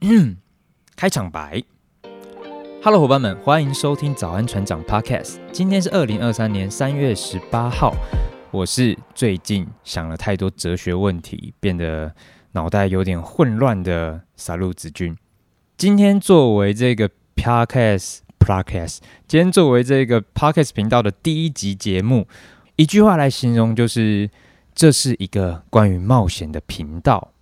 嗯，開場白。Hello，夥伴們，歡迎收聽《早安船長》Podcast。今天是二零二三年三月十八號，我是最近想了太多哲學問題，變得腦袋有點混亂的撒路子君。今天作為這個 Podcast，Podcast，今天作為這個 Podcast 頻道的第一集節目，一句話來形容，就是這是一個關於冒險的頻道。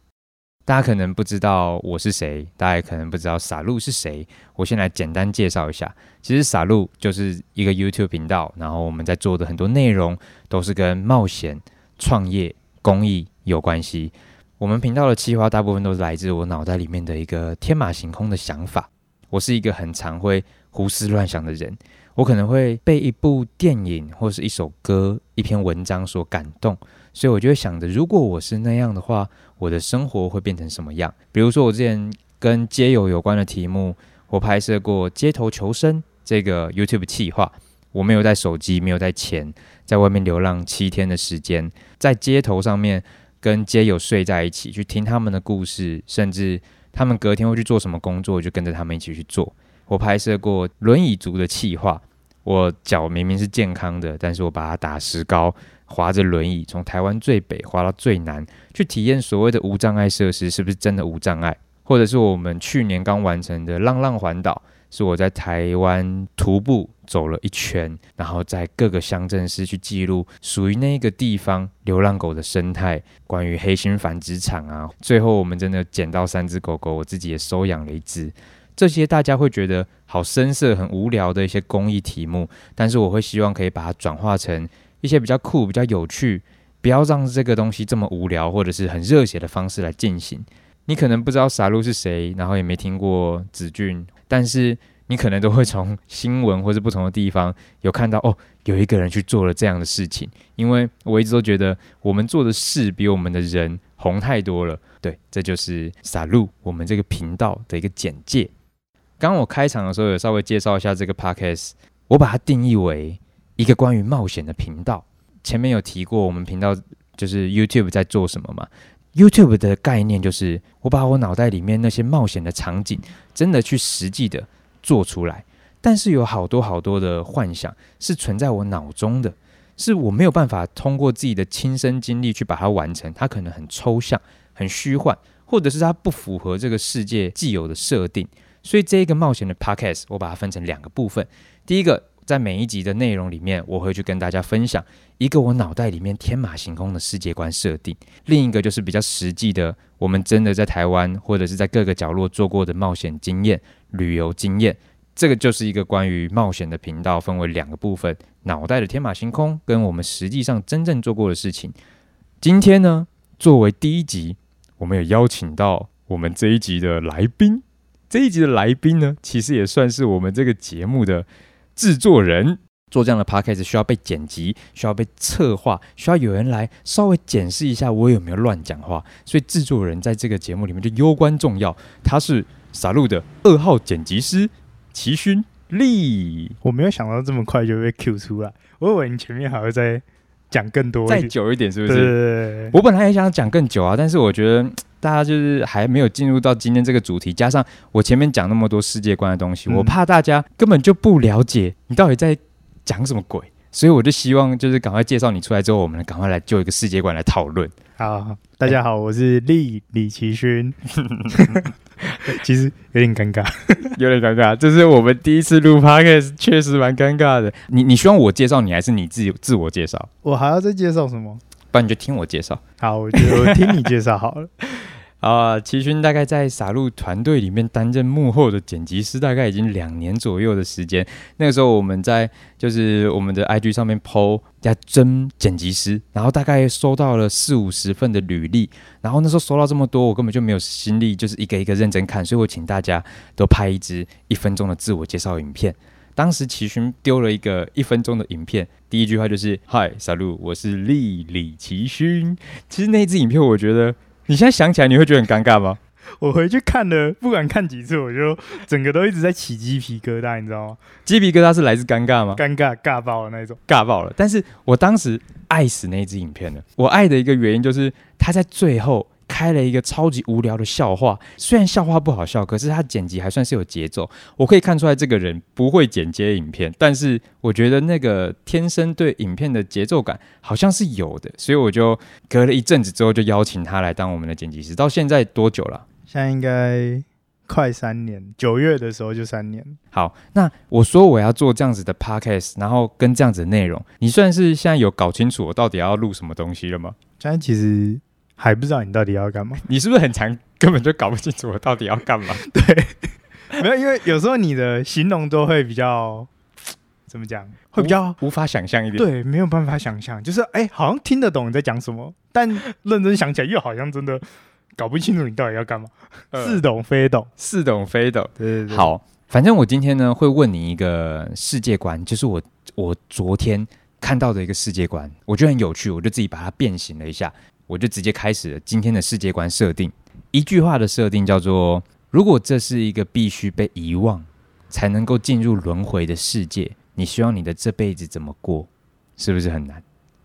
大家可能不知道我是誰，大家也可能不知道 SALU 是誰。我先來簡單介紹一下，其實 SALU 就是一個 YouTube 頻道，然後我們在做的很多內容都是跟冒險、創業、公益有關係。我們頻道的企劃大部分都是來自我腦袋裡面的一個天馬行空的想法。我是一個很常會胡思亂想的人，我可能會被一部電影或是一首歌、一篇文章所感動，所以我就會想着，如果我是那樣的話。我的生活會變成什麼樣？比如說，我之前跟街友有關的題目，我拍攝過《街頭求生》這個 YouTube 企劃。我沒有帶手機，沒有帶錢，在外面流浪七天的時間，在街頭上面跟街友睡在一起，去聽他們的故事，甚至他們隔天會去做什麼工作，就跟着他們一起去做。我拍攝過輪椅族的企劃，我腳明明是健康的，但是我把它打石膏。滑着輪椅從台灣最北滑到最南，去體驗所謂的無障礙設施是不是真的無障礙，或者是我們去年剛完成的浪浪環島，是我在台灣徒步走了一圈，然後在各個鄉鎮市去記錄屬於那個地方流浪狗的生態，關於黑心繁殖場啊，最後我們真的撿到三隻狗狗，我自己也收養了一隻。這些大家會覺得好深色、很無聊的一些公益題目，但是我會希望可以把它轉化成。一些比較酷，比較有趣，不要讓這個東西這麼無聊，或者是很熱血的方式來進行。你可能不知道 SALU 是誰，然後也沒聽過子俊，但是你可能都會從新聞或是不同的地方有看到哦，有一個人去做了這樣的事情。因為我一直都覺得我們做的事比我們的人紅太多了。對，這就是 SALU，我們這個頻道的一個簡介。剛我開場的時候有稍微介紹一下這個 podcast，我把它定義為。一個關於冒險的頻道，前面有提過，我們頻道就是 YouTube 在做什麼嘛？YouTube 的概念就是我把我腦袋裡面那些冒險的場景，真的去實際的做出來。但是有好多好多的幻想是存在我腦中的，是我沒有辦法通過自己的親身經歷去把它完成。它可能很抽象、很虛幻，或者是它不符合這個世界既有的設定。所以這一個冒險的 Podcast，我把它分成兩個部分，第一個。在每一集的內容裡面，我會去跟大家分享一個我腦袋裡面天馬行空的世界觀設定，另一個就是比較實際的，我們真的在台灣或者是在各個角落做過的冒險經驗、旅遊經驗。這個就是一個關於冒險的頻道，分為兩個部分：腦袋的天馬行空，跟我們實際上真正做過的事情。今天呢，作為第一集，我們有邀請到我們這一集的來賓。這一集的來賓呢，其實也算是我們這個節目的。製作人，做這樣的 podcast 需要被剪輯，需要被策劃，需要有人來稍微檢視一下我有沒有亂講話。所以製作人在這個節目裡面就攸關重要。他是 SALU 的二號剪輯師齊勳力。我沒有想到這麼快就會被 Q 出來。我以為你前面還會再講更多一點，再久一點是不是？對對對對。我本來也想講更久啊，但是我覺得。大家就是還沒有進入到今天這個主題，加上我前面講那麼多世界觀的東西，我怕大家根本就不了解你到底在講什麼鬼，所以我就希望就是趕快介紹你出來之後，我們趕快來就一個世界觀來討論。好，大家好，欸、我是李李奇勳。 其實有點尷尬， 有點尷尬，這、就是我們第一次錄 p a 確實蠻尷尬的。你，你希望我介紹你，還是你自己自我介紹？我還要再介紹什麼？不然你就聽我介紹。好，我就聽你介紹好了。 啊，奇、uh, 勳大概在 SALU 團隊裡面擔任幕後的剪輯師，大概已經兩年左右的時間。那個時候我們在就是我們的 IG 上面 PO 加徵剪輯師，然後大概收到了四五十份的履歷。然後那時候收到這麼多，我根本就沒有心力，就是一個一個認真看。所以我請大家都拍一支一分鐘的自我介紹影片。當時奇勳丟了一個一分鐘的影片，第一句話就是 “Hi SALU，我是莉莉奇勳。”其實那一支影片我覺得。你現在想起來你會覺得很尷尬嗎？我回去看了，不管看幾次，我就整個都一直在起雞皮疙瘩，你知道嗎？雞皮疙瘩是來自尷尬嗎？尷尬，尬爆了那一種，尬爆了。但是我當時愛死那一支影片了。我愛的一個原因就是他在最後。開了一個超級無聊的笑話，雖然笑話不好笑，可是他剪輯還算是有節奏。我可以看出來這個人不會剪接影片，但是我覺得那個天生對影片的節奏感好像是有的，所以我就隔了一陣子之後就邀請他來當我們的剪輯師。到現在多久了？現在應該快三年，九月的時候就三年。好，那我說我要做這樣子的 podcast，然後跟這樣子的內容，你算是現在有搞清楚我到底要錄什麼東西了嗎？現在其實。還不知道你到底要幹嘛。你是不是很常根本就搞不清楚我到底要幹嘛？ 對， 沒有，因為有時候你的形容都會比較怎麼講，會比較無，無法想象一點。對，沒有辦法想象，就是哎、欸，好像聽得懂你在講什麼，但認真想起來又好像真的搞不清楚你到底要幹嘛，似 懂非懂，似、呃、懂非懂。對對對。好，反正我今天呢會問你一個世界觀，就是我我昨天看到的一個世界觀，我覺得很有趣，我就自己把它變形了一下。我就直接開始了今天的世界觀設定，一句話的設定叫做：如果這是一個必須被遺忘才能夠進入輪回的世界，你希望你的這輩子怎麼過？是不是很難？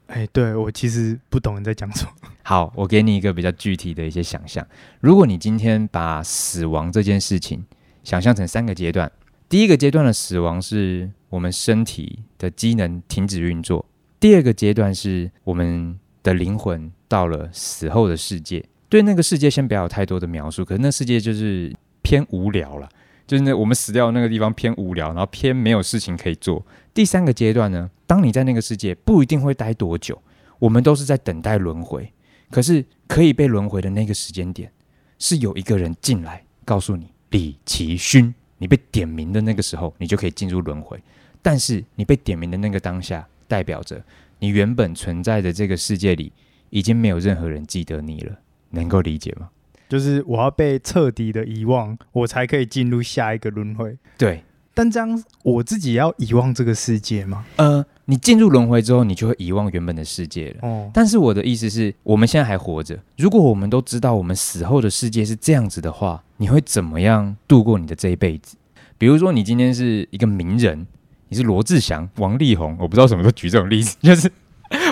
誒，對我其實不懂你在講什麼。好，我給你一個比較具體的一些想象：如果你今天把死亡這件事情想象成三個階段，第一個階段的死亡是我們身體的機能停止運作；第二個階段是我們的靈魂。到了死後的世界，對那個世界先不要有太多的描述，可是那世界就是偏無聊了，就是那我們死掉的那個地方偏無聊，然後偏沒有事情可以做。第三個階段呢，當你在那個世界不一定會待多久，我們都是在等待輪迴。可是可以被輪迴的那個時間點，是有一個人進來告訴你：“李奇勳，你被點名的那個時候，你就可以進入輪迴。”但是你被點名的那個當下，代表着你原本存在的這個世界裡。已經沒有任何人記得你了，能夠理解嗎？就是我要被徹底的遺忘，我才可以進入下一個輪迴。對，但這樣我自己要遺忘這個世界嗎？呃，你進入輪迴之後，你就會遺忘原本的世界了。哦，但是我的意思是我們現在還活着。如果我們都知道我們死後的世界是這樣子的話，你會怎麼樣度過你的這一輩子？比如說，你今天是一個名人，你是羅志祥、王力宏，我不知道什麼時候舉這種例子，就是。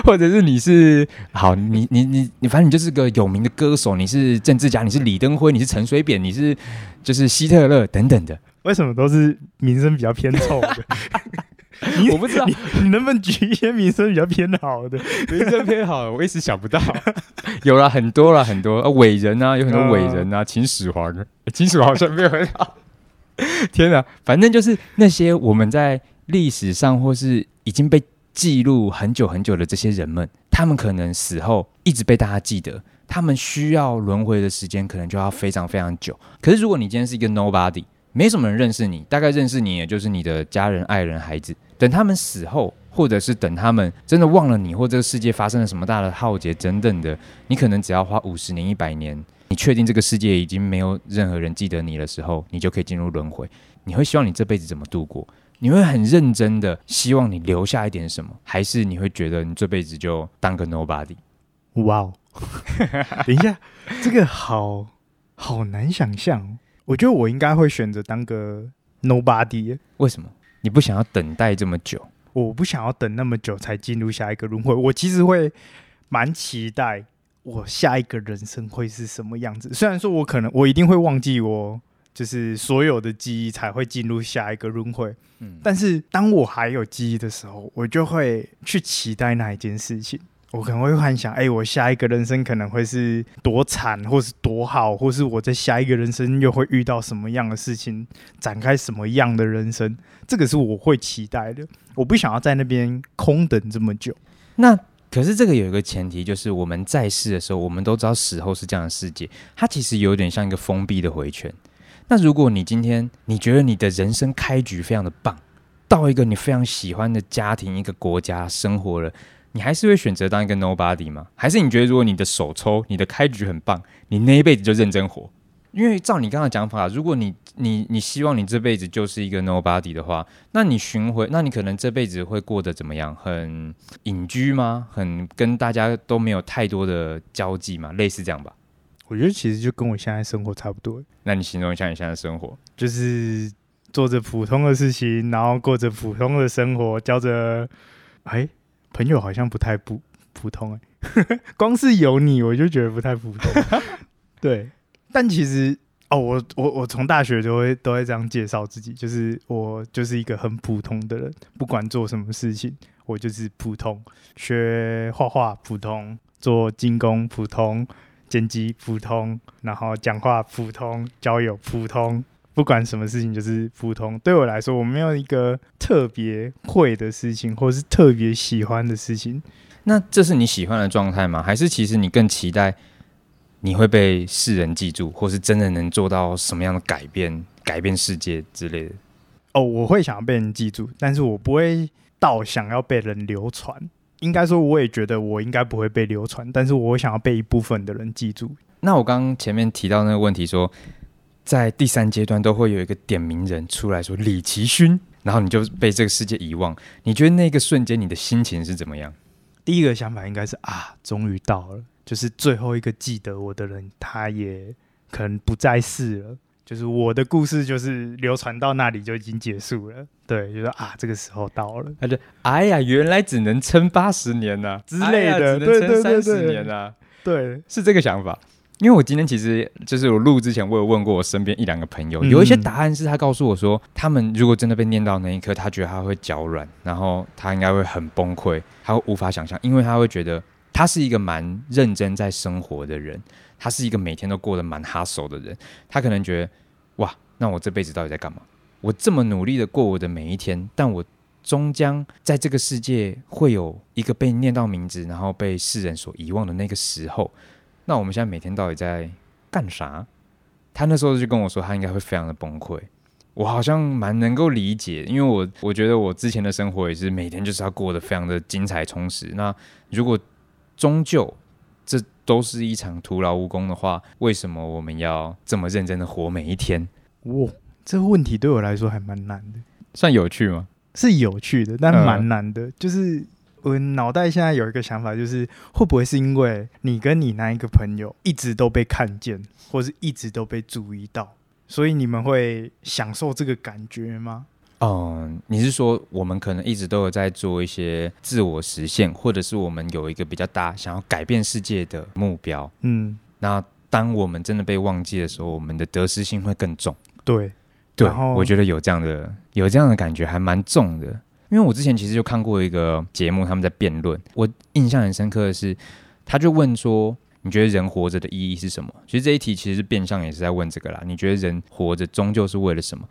或者是你是好，你你你你反正你就是個有名的歌手，你是政治家，你是李登輝，你是陳水扁，你是就是希特勒等等的，為什麼都是名聲比較偏臭的？ 你我不知道你，你能不能舉一些名聲比較偏好的， 名聲偏好的，我一時想不到。 有了很多了，很多，很多、啊、偉人啊，有很多偉人啊，呃、秦始皇、欸，秦始皇好像沒有很好。 天哪、啊，反正就是那些我們在歷史上或是已經被。記錄很久很久的這些人們，他們可能死後一直被大家記得，他們需要輪回的時間可能就要非常非常久。可是如果你今天是一個 nobody，沒什麼人認識你，大概認識你也就是你的家人、愛人、孩子。等他們死後，或者是等他們真的忘了你，或者這個世界發生了什麼大的浩劫等等的，你可能只要花五十年、一百年，你確定這個世界已經沒有任何人記得你的時候，你就可以進入輪回。你會希望你這輩子怎麼度過？你會很認真的希望你留下一點什麼，還是你會覺得你這輩子就當個 nobody？哇哦 Wow .！ 等一下， 這個好好難想象。我覺得我應該會選擇當個 nobody。為什麼？你不想要等待這麼久？我不想要等那麼久才進入下一個輪迴。我其實會蠻期待我下一個人生會是什麼樣子。雖然說我可能我一定會忘記我就是所有的記憶才會進入下一個輪迴。嗯，但是當我還有記憶的時候，我就會去期待那一件事情。我可能會幻想，哎、欸，我下一個人生可能會是多慘，或是多好，或是我在下一個人生又會遇到什麼樣的事情，展開什麼樣的人生。這個是我會期待的。我不想要在那邊空等這麼久。那可是這個有一個前提，就是我們在世的時候，我們都知道死後是這樣的世界。它其實有點像一個封閉的回圈。那如果你今天你覺得你的人生開局非常的棒，到一個你非常喜歡的家庭，一個國家生活了，你還是會選擇當一個 nobody 嗎？還是你覺得如果你的手抽，你的開局很棒，你那一輩子就認真活？因為照你剛剛講法，如果你、你、你希望你這輩子就是一個 nobody 的話，那你輪迴，那你可能這輩子會過得怎麼樣？很隱居嗎？很跟大家都沒有太多的交際嗎？類似這樣吧？我覺得其實就跟我現在生活差不多。那你形容一下你現在的生活，就是做着普通的事情，然後過着普通的生活，交着哎、欸、朋友好像不太普普通、欸、 光是有你我就覺得不太普通。 對，但其實哦，我我我從大學就會都會都這樣介紹自己，就是我就是一個很普通的人，不管做什麼事情，我就是普通，學畫畫普通，做金工普通。剪輯普通，然後講話普通，交友普通，不管什麼事情就是普通。對我來說，我沒有一個特別會的事情，或是特別喜歡的事情。那這是你喜歡的狀態嗎？還是其實你更期待你會被世人記住，或是真的能做到什麼樣的改變，改變世界之類的？哦，我會想要被人記住，但是我不會到想要被人流傳。應該說，我也覺得我應該不會被流傳，但是我想要被一部分的人記住。那我剛剛前面提到那個問題說，說在第三階段都會有一個點名人出來說李奇勳，然後你就被這個世界遺忘。你覺得那個瞬間你的心情是怎麼樣？第一個想法應該是啊，終於到了，就是最後一個記得我的人，他也可能不在世了。就是我的故事，就是流傳到那裡就已經結束了。對，就說啊，這個時候到了，他就哎呀，原來只能撐八十年吶、啊，之類的。哎呀、只能撐三十年啊，對，對，對，對，對，是這個想法。因為我今天其實就是我錄之前，我有問過我身邊一兩個朋友，嗯、有一些答案是他告訴我說，他們如果真的被念到那一刻，他覺得他會腳軟，然後他應該會很崩潰，他會無法想象，因為他會覺得他是一個蠻認真在生活的人。他是一個每天都過得蠻 hustle 的人，他可能覺得，哇，那我這輩子到底在幹嘛？我這麼努力的過我的每一天，但我終將在這個世界會有一個被念到名字，然後被世人所遺忘的那個時候。那我們現在每天到底在幹啥？他那時候就跟我說，他應該會非常的崩潰。我好像蠻能夠理解，因為我我覺得我之前的生活也是每天就是要過得非常的精彩充實。那如果終究這。都是一場徒勞無功的話，為什麼我們要這麼認真的活每一天？哇，這個問題對我來說還蠻難的。算有趣嗎？是有趣的，但蠻難的。嗯，就是我腦袋現在有一個想法，就是會不會是因為你跟你那一個朋友一直都被看見，或者是一直都被注意到，所以你們會享受這個感覺嗎？嗯，你是說我們可能一直都有在做一些自我實現，或者是我們有一個比較大想要改變世界的目標。嗯，那當我們真的被忘記的時候，我們的得失心會更重。對，對，然後，我覺得有這樣的有這樣的感覺還蠻重的。因為我之前其實就看過一個節目，他們在辯論，我印象很深刻的是，他就問說：“你覺得人活着的意義是什麼？”其實這一題其實是變相也是在問這個啦。你覺得人活着終究是為了什麼？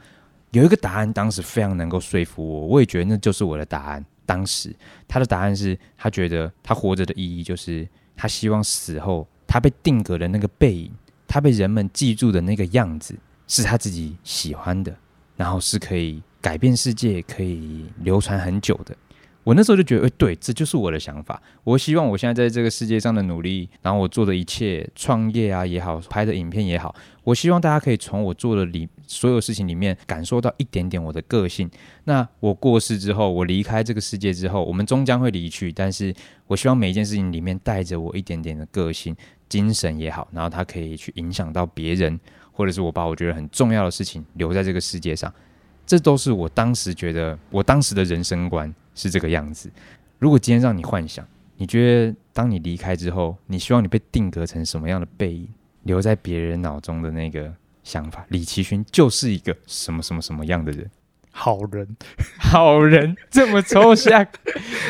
有一個答案，當時非常能夠說服我，我也覺得那就是我的答案。當時他的答案是他覺得他活着的意義就是他希望死後他被定格的那個背影，他被人們記住的那個樣子是他自己喜歡的，然後是可以改變世界，可以流傳很久的。我那時候就覺得，哎、欸，對，這就是我的想法。我希望我現在在這個世界上的努力，然後我做的一切，創業啊也好，拍的影片也好，我希望大家可以從我做的裡所有事情裡面，感受到一點點我的個性。那我過世之後，我離開這個世界之後，我們終將會離去，但是我希望每一件事情裡面帶着我一點點的個性、精神也好，然後它可以去影響到別人，或者是我把我覺得很重要的事情留在這個世界上，這都是我當時覺得我當時的人生觀。是這個樣子。如果今天讓你幻想，你覺得當你離開之後，你希望你被定格成什麼樣的背影，留在別人腦中的那個想法？李奇勳就是一個什麼什麼什麼樣的人？好人，好人， 這麼抽象、 啊。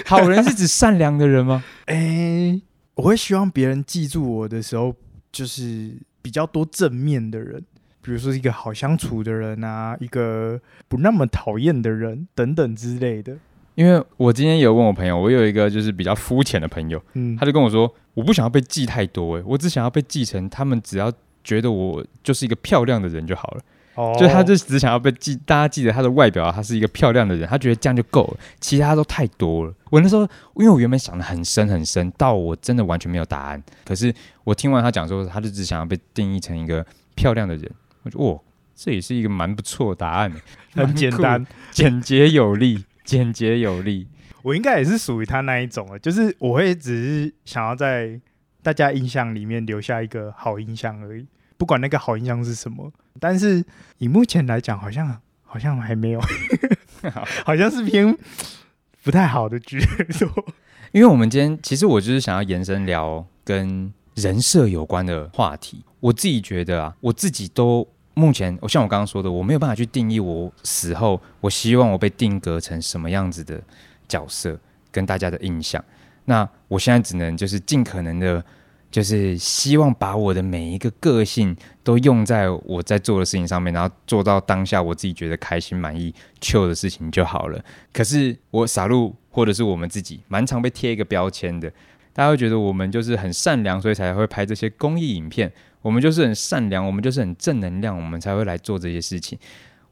好人是指善良的人嗎？誒，我會希望別人記住我的時候，就是比較多正面的人，比如說一個好相處的人啊，一個不那麼討厭的人等等之類的。因為我今天有問我朋友，我有一個就是比較膚淺的朋友，嗯，他就跟我說，我不想要被記太多哎，我只想要被記成他們只要覺得我就是一個漂亮的人就好了。哦，就他就只想要被記，大家記得他的外表，他是一個漂亮的人，他覺得這樣就夠了，其他都太多了。我那時候因為我原本想得很深很深，到我真的完全沒有答案。可是我聽完他講說，他就只想要被定義成一個漂亮的人，我就哦，這也是一個蠻不錯的答案，很簡單、簡潔有力。 簡潔有力，我應該也是屬於他那一種了，就是我會只是想要在大家印象裡面留下一個好印象而已，不管那個好印象是什麼。但是以目前來講，好像好像還沒有， 好，好像是偏不太好的居多。 因為我們今天其實我就是想要延伸聊跟人設有關的話題，我自己覺得啊，我自己都。目前，我像我剛剛說的，我沒有辦法去定義我死後，我希望我被定格成什麼樣子的角色，跟大家的印象。那我現在只能就是盡可能的，就是希望把我的每一個個性都用在我在做的事情上面，然後做到當下我自己覺得開心、滿意、chill 的事情就好了。可是我 SALU 或者是我們自己蠻常被貼一個標籤的，大家會覺得我們就是很善良，所以才會拍這些公益影片。我們就是很善良，我們就是很正能量，我們才會來做這些事情。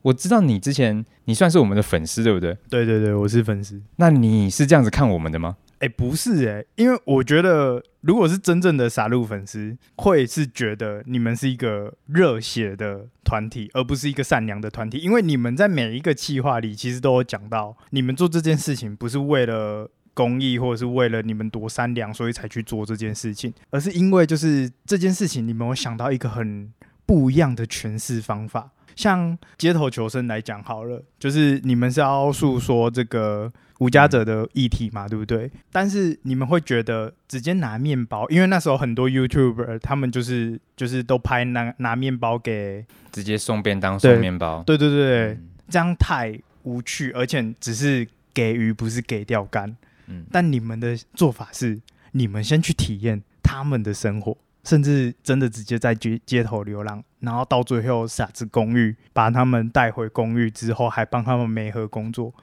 我知道你之前你算是我們的粉絲，對不對？對對對，我是粉絲。那你是這樣子看我們的嗎？誒，欸、不是誒、欸，因為我覺得，如果是真正的 SALU 粉絲，會是覺得你們是一個熱血的團體，而不是一個善良的團體。因為你們在每一個企劃裡，其實都有講到，你們做這件事情不是為了。公益或者是為了你們多善良，所以才去做這件事情，而是因為就是這件事情，你們會想到一個很不一樣的詮釋方法。像街頭求生來講好了，就是你們是要訴說這個無家者的議題嘛，嗯、對不對？但是你們會覺得直接拿面包，因為那時候很多 YouTuber 他們就是就是都拍拿拿面包給，直接送便當送面包，對對對對，這樣太無趣，而且只是給魚，不是給釣竿。但你們的做法是，你們先去體驗他們的生活，甚至真的直接在街街頭流浪，然後到最後傻子公寓，把他們帶回公寓之後，還幫他們媒合工作，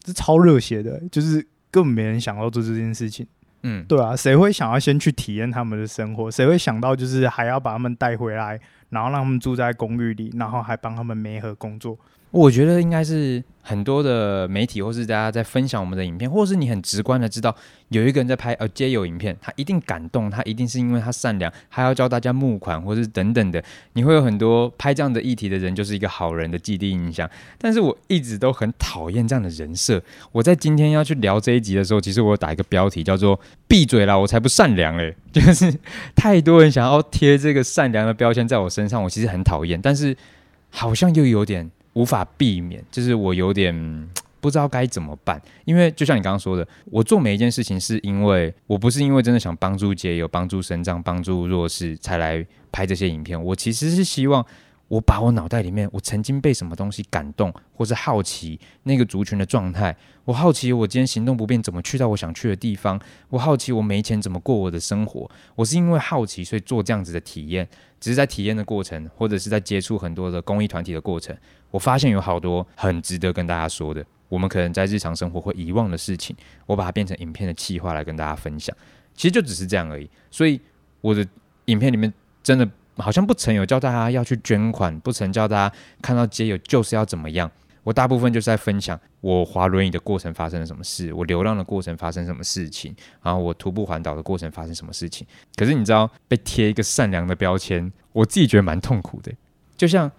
這超熱血的、欸，就是根本沒人想到做這件事情。嗯，對啊，誰會想要先去體驗他們的生活？誰會想到就是還要把他們帶回來，然後讓他們住在公寓裡，然後還幫他們媒合工作？我覺得應該是很多的媒體或是大家在分享我們的影片，或是你很直觀的知道有一個人在拍呃街友影片，他一定感動，他一定是因為他善良，他要教大家募款或是等等的。你會有很多拍這樣的議題的人，就是一個好人的既定印象。但是我一直都很討厭這樣的人設。我在今天要去聊這一集的時候，其實我有打一個標題叫做“閉嘴啦，我才不善良誒”。就是太多人想要貼這個善良的標籤在我身上，我其實很討厭，但是好像又有點。無法避免，就是我有點不知道該怎麼辦，因為就像你剛剛說的，我做每一件事情是因為我不是因為真的想幫助街友、幫助生長、幫助弱勢才來拍這些影片，我其實是希望。我把我腦袋裡面，我曾經被什麼東西感動，或是好奇那個族群的狀態。我好奇我今天行動不便怎麼去到我想去的地方。我好奇我沒錢怎麼過我的生活。我是因為好奇，所以做這樣子的體驗。只是在體驗的過程，或者是在接觸很多的公益團體的過程，我發現有好多很值得跟大家說的。我們可能在日常生活會遺忘的事情，我把它變成影片的企劃來跟大家分享。其實就只是這樣而已。所以我的影片裡面真的。好像不曾有叫大家要去捐款，不曾叫大家看到街友就是要怎麼樣。我大部分就是在分享我滑輪椅的過程發生了什麼事，我流浪的過程發生什麼事情，然後我徒步環島的過程發生什麼事情。可是你知道被貼一個善良的標籤，我自己覺得蠻痛苦的。就像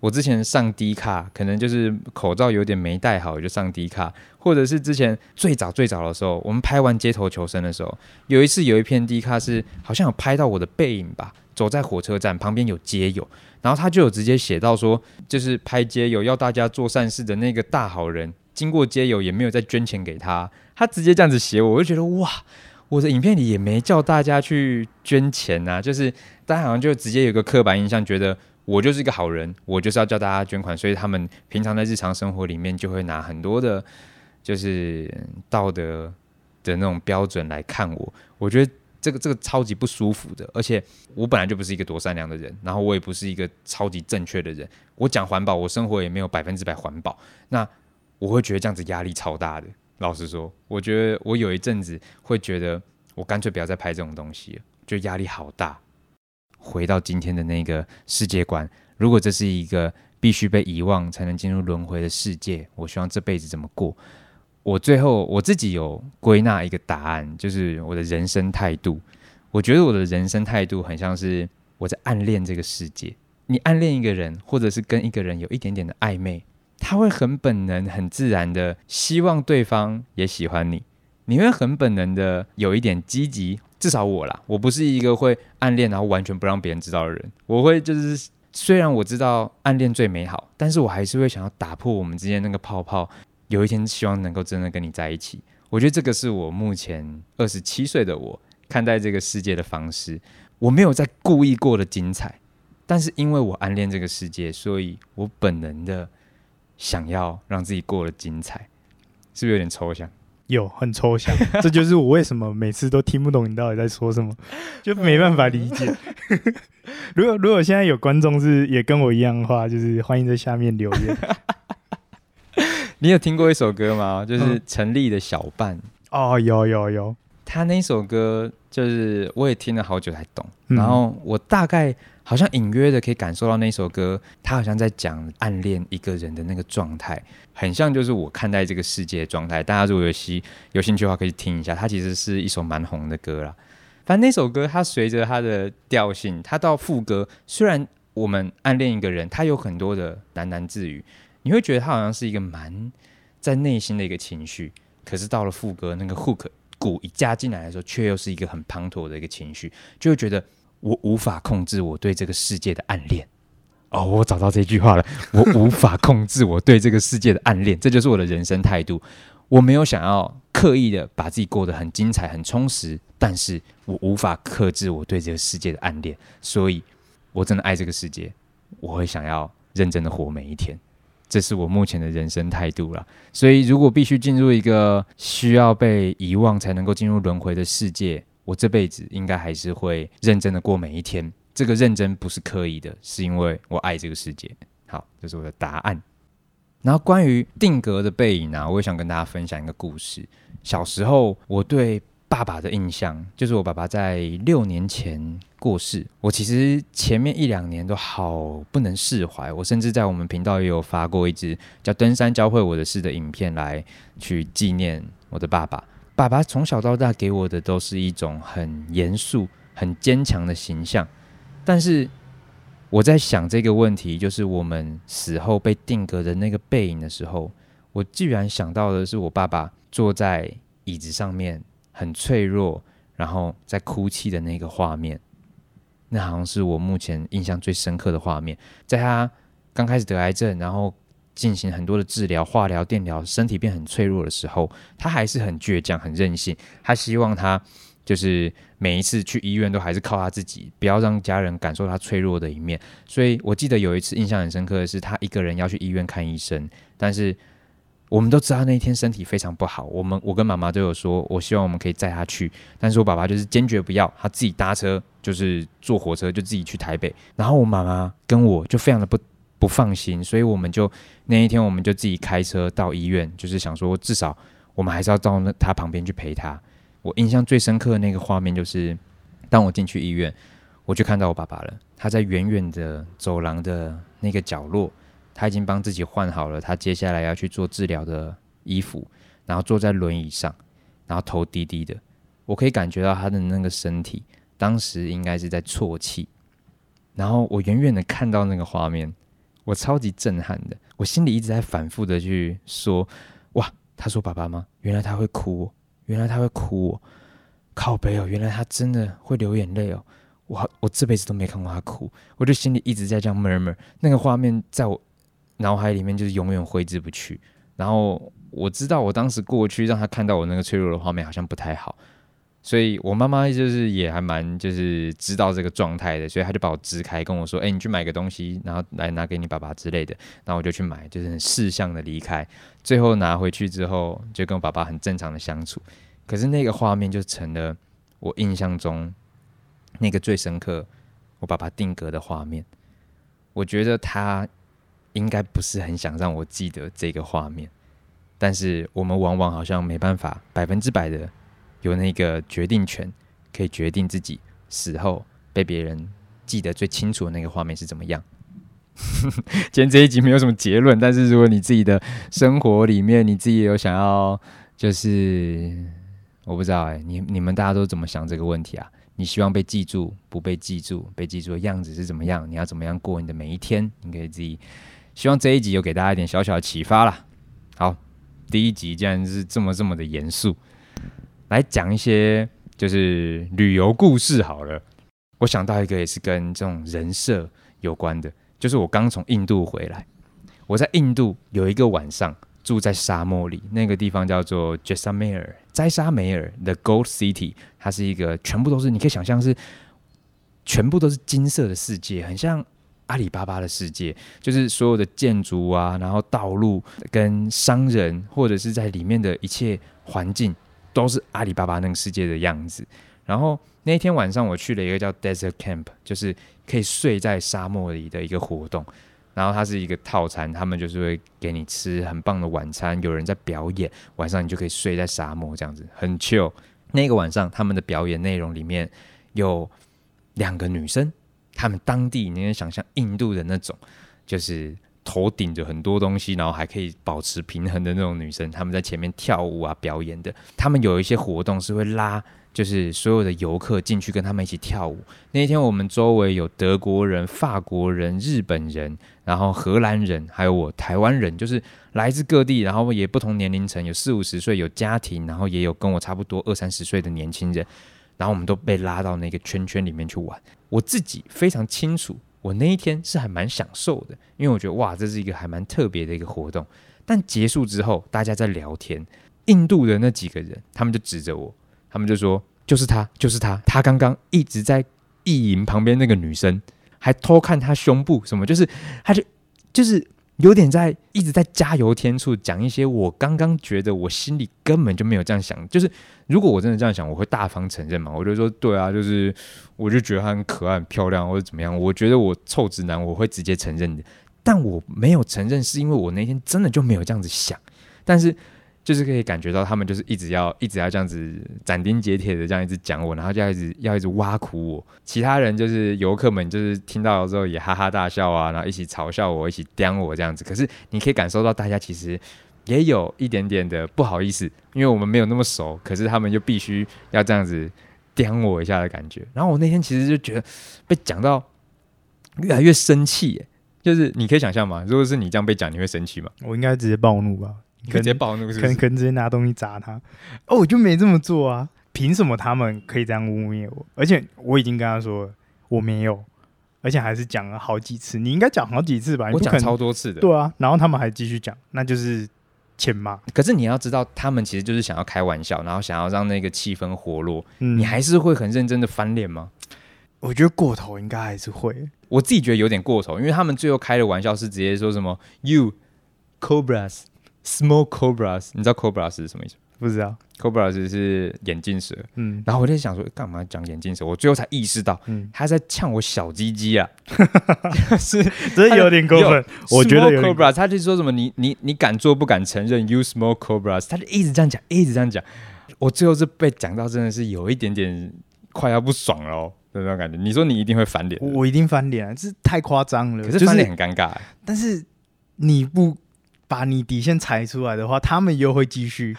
我之前上 D 卡，可能就是口罩有點沒戴好，我就上 D 卡，或者是之前最早最早的時候，我們拍完街頭求生的時候，有一次有一篇 D 卡是好像有拍到我的背影吧。走在火車站旁邊有街友，然後他就有直接寫到說，就是拍街友要大家做善事的那個大好人，經過街友也沒有再捐錢給他，他直接這樣子寫，我就覺得哇，我的影片裡也沒叫大家去捐錢啊，就是大家好像就直接有一個刻板印象，覺得我就是一個好人，我就是要叫大家捐款，所以他們平常在日常生活裡面就會拿很多的，就是道德的那種標準來看我，我覺得。這個這個超級不舒服的，而且我本來就不是一個多善良的人，然後我也不是一個超級正確的人。我講環保，我生活也沒有百分之百環保，那我會覺得這樣子壓力超大的。老實說，我覺得我有一陣子會覺得，我乾脆不要再拍這種東西，就壓力好大。回到今天的那個世界觀，如果這是一個必須被遺忘才能進入輪迴的世界，我希望這輩子怎麼過？我最後我自己有歸納一個答案，就是我的人生態度。我覺得我的人生態度很像是我在暗戀這個世界。你暗戀一個人，或者是跟一個人有一點點的曖昧，他會很本能、很自然的希望對方也喜歡你。你會很本能的有一點積極，至少我啦，我不是一個會暗戀然後完全不讓別人知道的人。我會就是，雖然我知道暗戀最美好，但是我還是會想要打破我們之間那個泡泡。有一天希望能夠真的跟你在一起，我覺得這個是我目前二十七歲的我看待這個世界的方式。我沒有在故意過得精彩，但是因為我暗戀這個世界，所以我本能的想要讓自己過得精彩，是不是有點抽象？有，很抽象。 這就是我為什麼每次都聽不懂你到底在說什麼，就沒辦法理解。 如果如果現在有觀眾是也跟我一樣的話，就是歡迎在下面留言。 你有聽過一首歌嗎？就是陳粒的小半、嗯、哦。有有有。有，他那首歌就是我也聽了好久才懂，嗯、然後我大概好像隱約的可以感受到那首歌，他好像在講暗戀一個人的那個狀態，很像就是我看待這個世界的狀態。大家如果有興有興趣的話，可以聽一下。它其實是一首蠻紅的歌啦。反正那首歌它隨着它的調性，它到副歌，雖然我們暗戀一個人，他有很多的喃喃自語。你會覺得它好像是一個蠻在內心的一個情緒，可是到了副歌那個 hook 鼓一加進來的時候，卻又是一個很滂沱的一個情緒，就會覺得我無法控制我對這個世界的暗戀。哦，我找到這句話了，我無法控制我對這個世界的暗戀， 這就是我的人生態度。我沒有想要刻意的把自己過得很精彩、很充實，但是我無法克制我對這個世界的暗戀，所以我真的愛這個世界，我會想要認真的活每一天。這是我目前的人生態度了，所以如果必須進入一個需要被遺忘，才能夠進入輪迴的世界，我這輩子應該還是會認真的過每一天。這個認真不是刻意的，是因為我愛這個世界。好，這是我的答案。然後關於定格的背影呢，啊，我也想跟大家分享一個故事。小時候我對爸爸的印象就是我爸爸在六年前過世。我其實前面一兩年都好不能釋懷，我甚至在我們頻道也有發過一支叫《登山教會我的事》的影片來去紀念我的爸爸。爸爸從小到大給我的都是一種很嚴肅、很堅強的形象。但是我在想這個問題，就是我們死後被定格的那個背影的時候，我竟然想到的是我爸爸坐在椅子上面，很脆弱，然後在哭泣的那個畫面，那好像是我目前印象最深刻的畫面。在他剛開始得癌症，然後進行很多的治療，化療、電療，身體變很脆弱的時候，他還是很倔強、很任性。他希望他就是每一次去醫院都還是靠他自己，不要讓家人感受他脆弱的一面。所以我記得有一次印象很深刻的是，他一個人要去醫院看醫生，但是，我們都知道那一天身體非常不好，我們我跟媽媽都有說，我希望我們可以載他去，但是我爸爸就是堅決不要，他自己搭車，就是坐火車就自己去台北。然後我媽媽跟我就非常的不不放心，所以我們就那一天我們就自己開車到醫院，就是想說至少我們還是要到他旁邊去陪他。我印象最深刻的那個畫面就是，當我進去醫院，我就看到我爸爸了，他在遠遠的走廊的那個角落。他已經幫自己換好了，他接下來要去做治療的衣服，然後坐在輪椅上，然後頭低低的，我可以感覺到他的那個身體，當時應該是在啜泣。然後我遠遠的看到那個畫面，我超級震撼的，我心裡一直在反覆的去說：“哇，他說爸爸嗎？原來他會哭哦，原來他會哭哦，靠北哦，原來他真的會流眼淚哦，我我這輩子都沒看過他哭，我就心裡一直在這樣悶悶。那個畫面在我。”腦海裡面就是永遠揮之不去。然後我知道我當時過去讓他看到我那個脆弱的畫面好像不太好，所以我媽媽就是也還蠻就是知道這個狀態的，所以她就把我支開，跟我說：“哎、欸，你去買個東西，然後來拿給你爸爸之類的。”然後我就去買，就是很識相的離開。最後拿回去之後，就跟我爸爸很正常的相處。可是那個畫面就成了我印象中那個最深刻我爸爸定格的畫面。我覺得他。應該不是很想讓我記得這個畫面，但是我們往往好像沒辦法百分之百的有那個決定權，可以決定自己死後被別人記得最清楚的那個畫面是怎麼樣。 今天這一集沒有什麼結論，但是如果你自己的生活裡面你自己有想要，就是我不知道哎、欸，你你們大家都怎麼想這個問題啊？你希望被記住不被記住，被記住的樣子是怎麼樣？你要怎麼樣過你的每一天？你可以自己。希望這一集有給大家一點小小的啟發啦。好，第一集竟然是這麼這麼的嚴肅，來講一些就是旅遊故事好了。我想到一個也是跟這種人設有關的，就是我剛從印度回來，我在印度有一個晚上住在沙漠裡，那個地方叫做齋沙梅爾，齋沙梅爾 The Gold City。它是一個全部都是你可以想象是全部都是金色的世界，很像。阿里巴巴的世界，就是所有的建築啊，然後道路跟商人，或者是在裡面的一切環境，都是阿里巴巴那個世界的樣子。然後那天晚上，我去了一個叫 Desert Camp，就是可以睡在沙漠裡的一個活動。然後它是一個套餐，他們就是會給你吃很棒的晚餐，有人在表演，晚上你就可以睡在沙漠這樣子，很 chill，那個晚上，他們的表演內容裡面有兩個女生。他們當地你也想象印度的那種，就是頭頂着很多東西，然後還可以保持平衡的那種女生，他們在前面跳舞啊表演的。他們有一些活動是會拉，就是所有的遊客進去跟他們一起跳舞。那一天我們周圍有德國人、法國人、日本人，然後荷蘭人，還有我台灣人，就是來自各地，然後也不同年齡層，有四五十歲，有家庭，然後也有跟我差不多二三十歲的年輕人。然後我們都被拉到那個圈圈裡面去玩。我自己非常清楚，我那一天是還蠻享受的，因為我覺得哇，這是一個還蠻特別的一個活動。但結束之後，大家在聊天，印度的那幾個人，他們就指着我，他們就說：“就是他，就是他，他剛剛一直在意淫旁邊那個女生，還偷看他胸部什麼。”就是，他就就是。有點在一直在加油添醋，講一些我剛剛覺得我心裡根本就沒有這樣想。就是如果我真的這樣想，我會大方承認嘛？我就說對啊，就是我就覺得她很可愛、很漂亮，或者怎麼樣。我覺得我臭直男，我會直接承認的。但我沒有承認，是因為我那天真的就沒有這樣子想。但是。就是可以感覺到，他們就是一直要一直要這樣子斬釘截鐵的這樣一直講我，然後就要一直要一直挖苦我。其他人就是遊客們，就是聽到之後也哈哈大笑啊，然後一起嘲笑我，一起刁我這樣子。可是你可以感受到，大家其實也有一點點的不好意思，因為我們沒有那麼熟。可是他們就必須要這樣子刁我一下的感覺。然後我那天其實就覺得被講到越來越生氣。就是你可以想象嗎？如果是你這樣被講，你會生氣嗎？我應該直接暴怒吧。你可直接爆那個，可能可能直接拿東西砸他。哦，我就沒這麼做啊！憑什麼他們可以這樣污蔑我？而且我已經跟他說了我沒有，而且還是講了好幾次。你應該講好幾次吧？我講超多次的。對啊，然後他們還繼續講，那就是欠罵。可是你要知道，他們其實就是想要開玩笑，然後想要讓那個氣氛活絡。嗯、你還是會很認真的翻臉嗎？我覺得過頭應該還是會。我自己覺得有點過頭，因為他們最後開的玩笑是直接說什麼 “you cobras”。Small cobras，你知道 cobras 是什麼意思？不知道，cobras 是，是眼鏡蛇。嗯，然後我在想說，幹嘛講眼鏡蛇？我最後才意識到叮叮、啊，嗯，他在嗆我小雞雞啊， 這是，真有點過分。有我覺得 Small Cobra，s 他就說什麼，你你你敢做不敢承認？You small cobras，他就一直這樣講，一直這樣講。我最後是被講到真的是有一點點快要不爽了，那種感覺。你說你一定會翻臉，我一定翻臉，這太誇張了，是了可是、就是、翻臉很尷尬。但是你不。把你底線踩出來的話，他們又會繼續。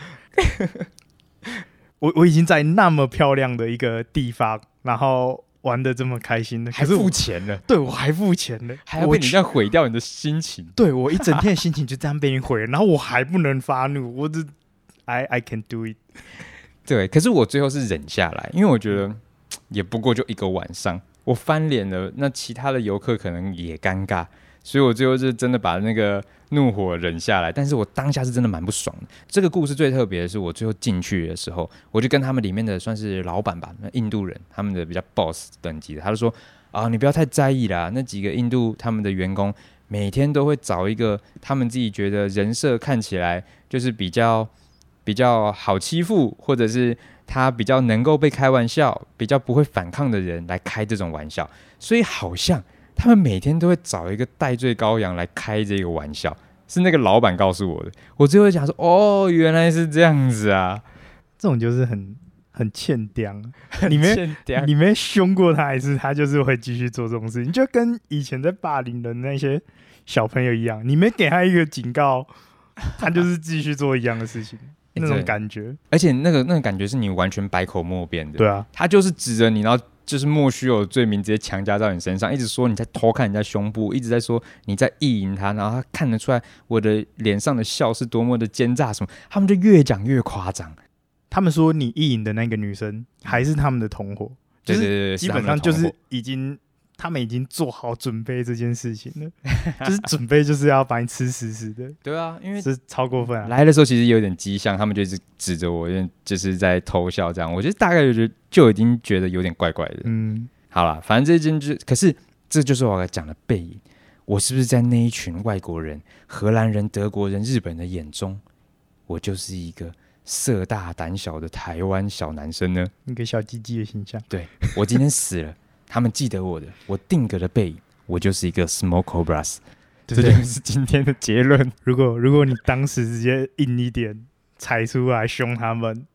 我我已經在那麼漂亮的一個地方，然後玩得這麼開心的，是還付錢了。對，我還付錢了，還要被你這樣毀掉你的心情。我對我一整天的心情就這樣被你毀了， 然後我還不能發怒，我只 I I can do it。對，可是我最後是忍下來，因為我覺得也不過就一個晚上，我翻臉了，那其他的遊客可能也尷尬。所以，我最後是真的把那個怒火忍下來，但是我當下是真的蠻不爽的。這個故事最特別的是，我最後進去的時候，我就跟他們裡面的算是老闆吧，那印度人，他們的比較 boss 等級的，他就說：“啊，你不要太在意啦。”那幾個印度他們的員工每天都會找一個他們自己覺得人設看起來就是比較比較好欺負，或者是他比較能夠被開玩笑、比較不會反抗的人來開這種玩笑，所以好像。他們每天都會找一個戴罪羔羊來開這個玩笑，是那個老板告訴我的。我最後講說，哦，原來是這樣子啊，這種就是很很欠屌，欠你沒欠屌，你沒兇過他一次，他就是會繼續做這種事情，就跟以前在霸凌的那些小朋友一樣，你沒給他一個警告， 他就是繼續做一樣的事情， 那種感覺。而且那個那個感覺是你完全百口莫辯的，對啊，他就是指着你，然後。就是莫須有的罪名直接強加到你身上，一直說你在偷看人家胸部，一直在說你在意淫她，然後她看得出來我的臉上的笑是多麼的奸詐什麼，他們就越講越誇張。他們說你意淫的那個女生還是他們的同夥，同夥就是基本上就是已經。他們已經做好準備這件事情了， 就是準備，就是要把你吃死死的。對啊，因為這超過分啊。來的時候其實有點跡象，他們就一直指着我，就是就是在偷笑這樣。我就大概就就已經覺得有點怪怪的。嗯，好了，反正這件就可是這就是我剛講的背影。我是不是在那一群外國人、荷蘭人、德國人、日本人的眼中，我就是一個色大膽小的台灣小男生呢？一個小雞雞的形象。對，我今天死了。 他們記得我的，我定格的背影，我就是一個 smoke brass。這就是、是今天的結論。如果如果你當時直接硬一點踩出來凶他們，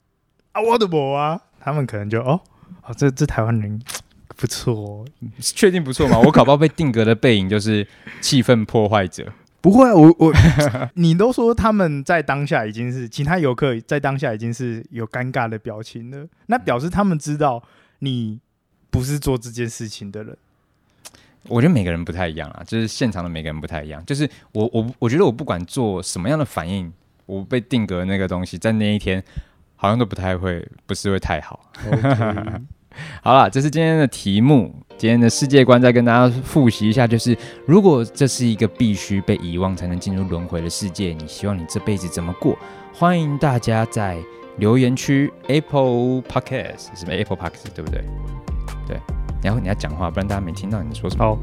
啊我的媽啊！他們可能就哦哦，這這台灣人不錯、哦，確定不錯嗎？ 我搞不好被定格的背影就是氣氛破壞者。不會、啊、我我你都說他們在當下已經是其他遊客在當下已經是有尷尬的表情了，那表示他們知道你。不是做這件事情的人，我覺得每個人不太一樣啊，就是現場的每個人不太一樣。就是我，我我覺得我不管做什麼樣的反應，我被定格的那個東西，在那一天好像都不太會，不是會太好。Okay. 好了，這是今天的題目，今天的世界觀再跟大家複習一下。就是如果這是一個必須被遺忘才能進入輪回的世界，你希望你這輩子怎麼過？歡迎大家在留言區 Apple Podcast 什麼 Apple Podcast 對不對？然後你要講話，不然大家沒聽到你說什麼。好，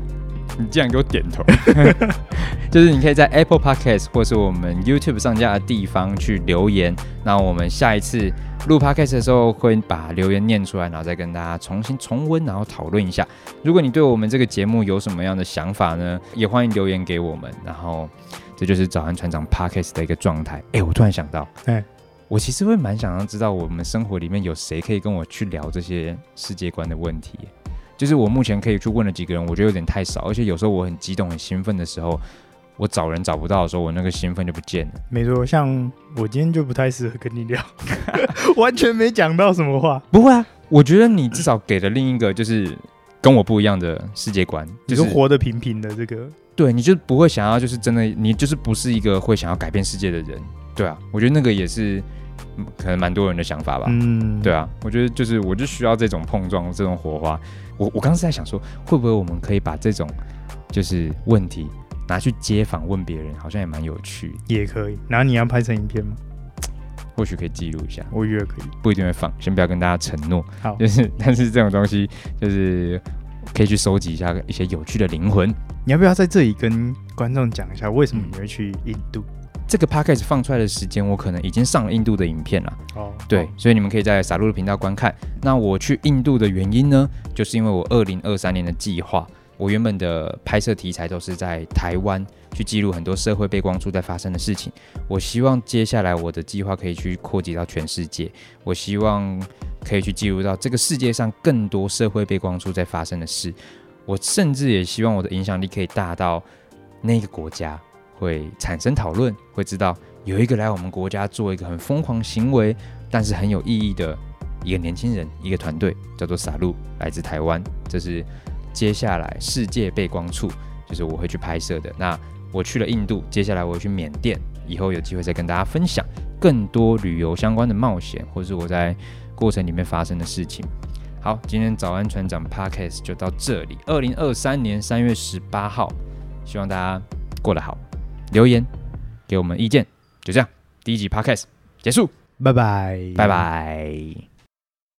你竟然給我點頭， 就是你可以在 Apple Podcast 或是我們 YouTube 上架的地方去留言。那我們下一次錄 Podcast 的時候，會把留言念出來，然後再跟大家重新重溫，然後討論一下。如果你對我們這個節目有什麼樣的想法呢？也歡迎留言給我們。然後這就是早安船長 Podcast 的一個狀態。哎、欸，我突然想到，哎、欸，我其實會蠻想要知道我們生活裡面有誰可以跟我去聊這些世界觀的問題。就是我目前可以去問了幾個人，我覺得有點太少，而且有時候我很激動、很興奮的時候，我找人找不到的時候，我那個興奮就不見了。沒錯，像我今天就不太適合跟你聊， 完全沒講到什麼話。不會啊，我覺得你至少給了另一個就是跟我不一樣的世界觀，就是就活得平平的這個。對，你就不會想要就是真的，你就是不是一個會想要改變世界的人。對啊，我覺得那個也是可能蠻多人的想法吧。嗯，對啊，我覺得就是我就需要這種碰撞，這種火花。我我剛剛是在想說，會不會我們可以把這種就是問題拿去街訪問別人，好像也蠻有趣的。也可以，然後你要拍成影片嗎？或許可以記錄一下，我覺得可以，不一定會放，先不要跟大家承諾。好，就是但是這種東西就是可以去收集一下一些有趣的靈魂。你要不要在這裡跟觀眾講一下，為什麼你會去印度？嗯這個 podcast 放出來的時間，我可能已經上了印度的影片了。哦，哦對，所以你們可以在撒路的頻道觀看。那我去印度的原因呢，就是因為我二零二三年的計劃，我原本的拍攝題材都是在台灣，去記錄很多社會背光處在發生的事情。我希望接下來我的計劃可以去擴及到全世界，我希望可以去記錄到這個世界上更多社會背光處在發生的事。我甚至也希望我的影響力可以大到那個國家。會產生討論，會知道有一個來我們國家做一個很瘋狂行為，但是很有意義的一個年輕人，一個團隊叫做 SALU，來自台灣，這是接下來世界背光處，就是我會去拍攝的。那我去了印度，接下來我會去緬甸，以後有機會再跟大家分享更多旅遊相關的冒險，或是我在過程裡面發生的事情。好，今天早安船長 podcast 就到這裡，二零二三年三月十八號，希望大家過得好。留言給我們意見，就這樣，第一集 podcast 結束，拜拜，拜拜。